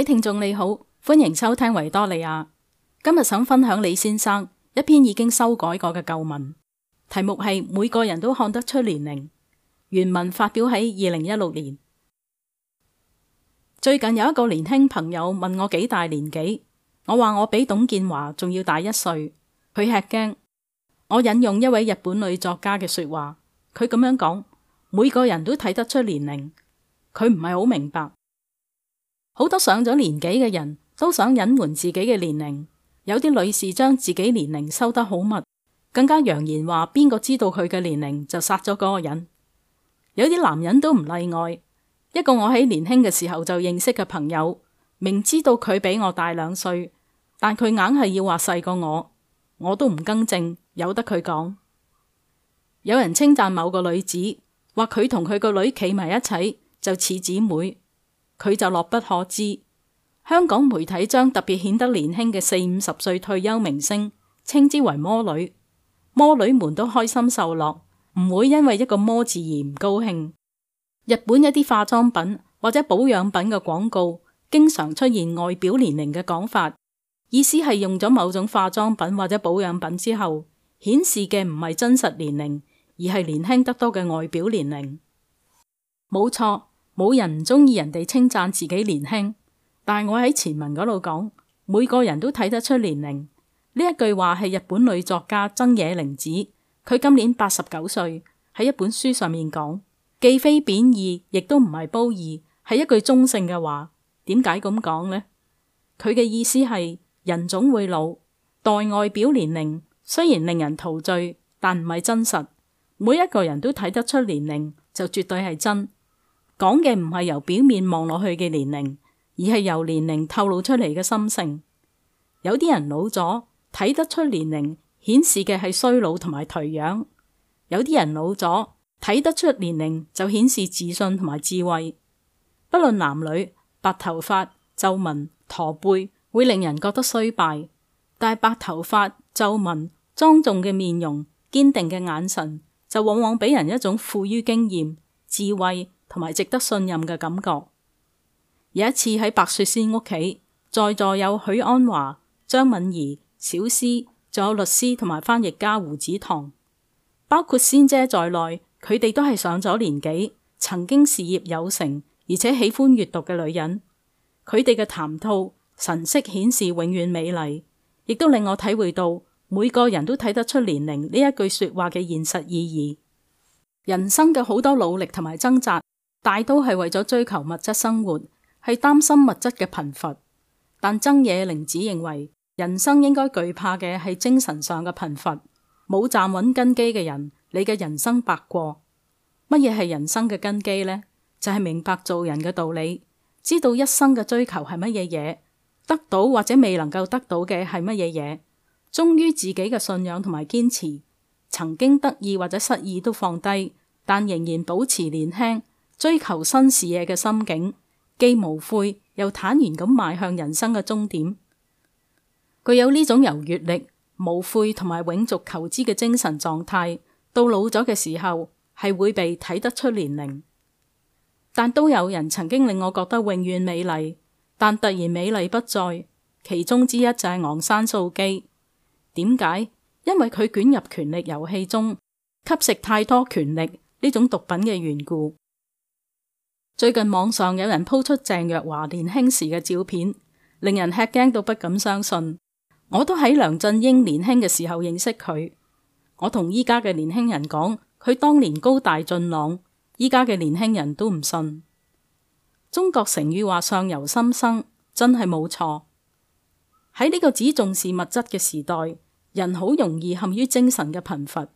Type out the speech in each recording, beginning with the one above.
各位聽眾你好，歡迎收聽維多利亞。今日想分享李先生一篇已經修改過嘅舊文，題目係每個人都看得出年齡。原文發表喺二零一六年。最近有一個年輕朋友問我幾大年紀，我話我比董建華仲要大一歲，佢吃驚。我引用一位日本女作家嘅說話，佢咁樣講：每個人都睇得出年齡。佢唔係好明白。好多上咗年紀嘅人都想隱瞞自己嘅年齡，有啲女士將自己年齡收得好密，更加揚言話邊個知道佢嘅年齡就殺咗嗰個人。有啲男人都唔例外。一個我喺年輕嘅時候就認識嘅朋友，明知道佢比我大兩歲，但佢硬係要話細過我，我都唔更正，由得佢講。有人稱讚某個女子，話佢同佢個女企埋一齊就似姊妹。佢就樂不可支。香港媒體將特別顯得年輕嘅四五十歲退休明星稱之為魔女，魔女們都開心受落，唔會因為一個魔字而唔高興。日本一啲化妝品或者保養品嘅廣告，經常出現外表年齡嘅講法，意思係用咗某種化妝品或者保養品之後，顯示嘅唔係真實年齡，而係年輕得多嘅外表年齡。冇錯。冇人唔中意人哋稱讚自己年輕，但係我喺前文嗰度講，每個人都睇得出年齡。呢一句話係日本女作家曾野綾子，佢今年八十九歲喺一本書上面講，既非貶義，亦都唔係褒義，係一句中性嘅話。點解咁講呢？佢嘅意思係人總會老，代外表年齡雖然令人陶醉，但唔係真實。每一個人都睇得出年齡就絕對係真。講嘅唔係由表面望落去嘅年齡，而係由年齡透露出嚟嘅心性。有啲人老咗睇得出年齡顯示嘅係衰老同埋頹樣；有啲人老咗睇得出年齡就顯示自信同埋智慧。不論男女，白頭髮、皺紋、駝背會令人覺得衰敗，但係白頭髮、皺紋、莊重嘅面容、堅定嘅眼神，就往往俾人一種富於經驗、智慧。同埋值得信任嘅感覺。有一次喺白雪仙屋企，在座有許安華、張敏儀、小思，仲有律師同埋翻譯家胡子棠，包括仙姐在內，佢哋都係上咗年紀，曾經事業有成，而且喜歡閱讀嘅女人。佢哋嘅談吐神色顯示永遠美麗，亦都令我體會到每個人都睇得出年齡呢一句說話嘅現實意義。人生嘅好多努力同埋掙扎。大都係為咗追求物質生活，係擔心物質嘅貧乏。但曾野玲子認為，人生應該懼怕嘅係精神上嘅貧乏。冇站穩根基嘅人，你嘅人生白過。乜嘢係人生嘅根基呢？就係明白做人嘅道理，知道一生嘅追求係乜嘢嘢，得到或者未能夠得到嘅係乜嘢嘢，忠於自己嘅信仰同埋堅持，曾經得意或者失意都放低，但仍然保持年輕。追求新視野嘅心境，既無悔又坦然咁邁向人生嘅終點。具有呢種由閱歷、無悔同埋永續求知嘅精神狀態，到老咗嘅時候係會被睇得出年齡。但都有人曾經令我覺得永遠美麗，但突然美麗不再。其中之一就係昂山素姬。點解？因為佢捲入權力遊戲中，吸食太多權力呢種毒品嘅緣故。最近網上有人鋪出鄭若驊年輕時嘅照片，令人吃驚到不敢相信。我都喺梁振英年輕嘅時候認識佢，我同依家嘅年輕人講，佢當年高大俊朗，依家嘅年輕人都唔信。中國成語話相由心生，真係冇錯。喺呢個只重視物質嘅時代，人好容易陷於精神嘅貧乏，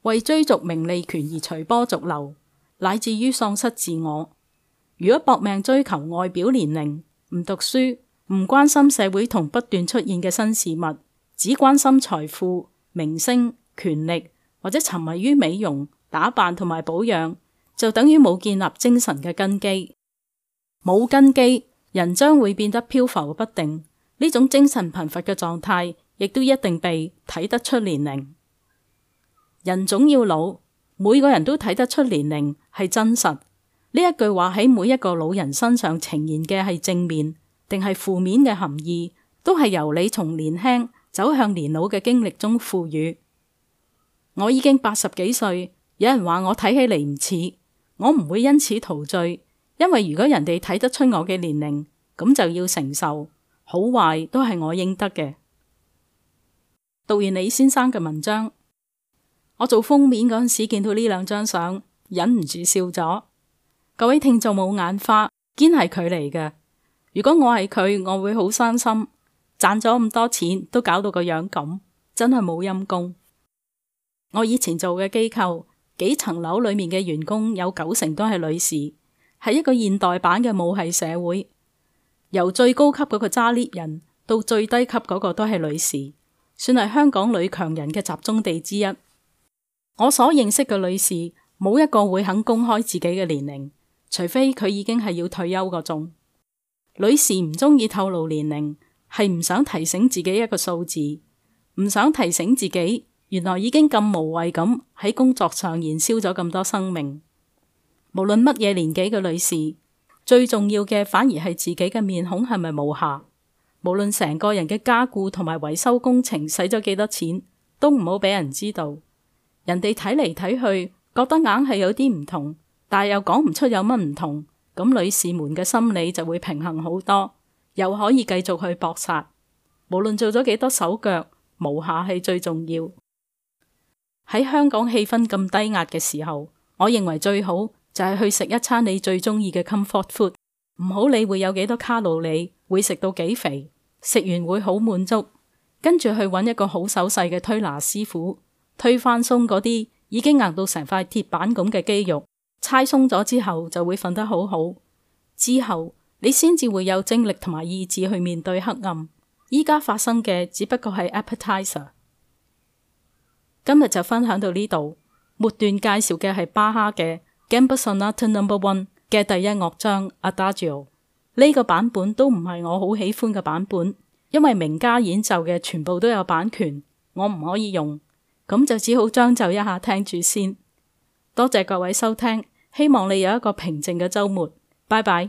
為追逐名利權而隨波逐流，乃至於喪失自我。如果搏命追求外表年齡，唔讀書，唔關心社會同不斷出現嘅新事物，只關心財富、名聲、權力或者沉迷於美容、打扮同埋保養，就等於冇建立精神嘅根基。冇根基，人將會變得漂浮不定。呢種精神貧乏嘅狀態，亦都一定被睇得出年齡。人總要老，每個人都睇得出年齡係真實。呢一句話喺每一個老人身上呈現嘅係正面定係負面嘅含義，都係由你從年輕走向年老嘅經歷中賦予。我已經八十幾歲，有人話我睇起嚟唔似，我唔會因此陶醉，因為如果人哋睇得出我嘅年齡，咁就要承受，好壞都係我應得嘅。讀完李先生嘅文章，我做封面嗰陣時見到呢兩張相，忍唔住笑咗。各位聽眾冇眼花，堅係佢嚟嘅。如果我係佢，我會好傷心，賺咗咁多錢都搞到個樣咁，真係冇陰功。我以前做嘅機構，幾層樓裏面嘅員工有九成都係女士，係一個現代版嘅母系社會，由最高級嗰個渣 lift 人到最低級嗰個都係女士，算係香港女強人嘅集中地之一。我所認識嘅女士，冇一個會肯公開自己嘅年齡。除非佢已經係要退休嗰種女士。唔中意透露年齡，係唔想提醒自己一個數字，唔想提醒自己原來已經咁無謂咁喺工作上燃燒咗咁多生命。無論乜嘢年紀嘅女士，最重要嘅反而係自己嘅面孔係咪無瑕。無論成個人嘅加固同埋維修工程使咗幾多錢，都唔好俾人知道。人哋睇嚟睇去，覺得硬係有啲唔同。但又講唔出有乜唔同，咁女士們嘅心理就會平衡好多，又可以繼續去搏殺。無論做咗幾多手腳，無下係最重要。喺香港氣氛咁低壓嘅時候，我認為最好就係去食一餐你最中意嘅 comfort food，唔好理會有幾多卡路里，會食到幾肥，食完會好滿足，跟住去搵一個好手勢嘅推拿師傅，推翻鬆嗰啲已經硬到成塊鐵板咁嘅肌肉。猜鬆咗之後就會瞓得好好，之後你先至會有精力同埋意志去面對黑暗。依家發生嘅只不過係 appetizer。今日就分享到呢度。末段介紹嘅係巴哈嘅《Gamba Sonata Number One》嘅第一樂章 Adagio。呢個版本都唔係我好喜歡嘅版本，因為名家演奏嘅全部都有版權，我唔可以用，咁就只好將就一下聽住先。多謝各位收聽。希望你有一個平靜嘅周末，拜拜。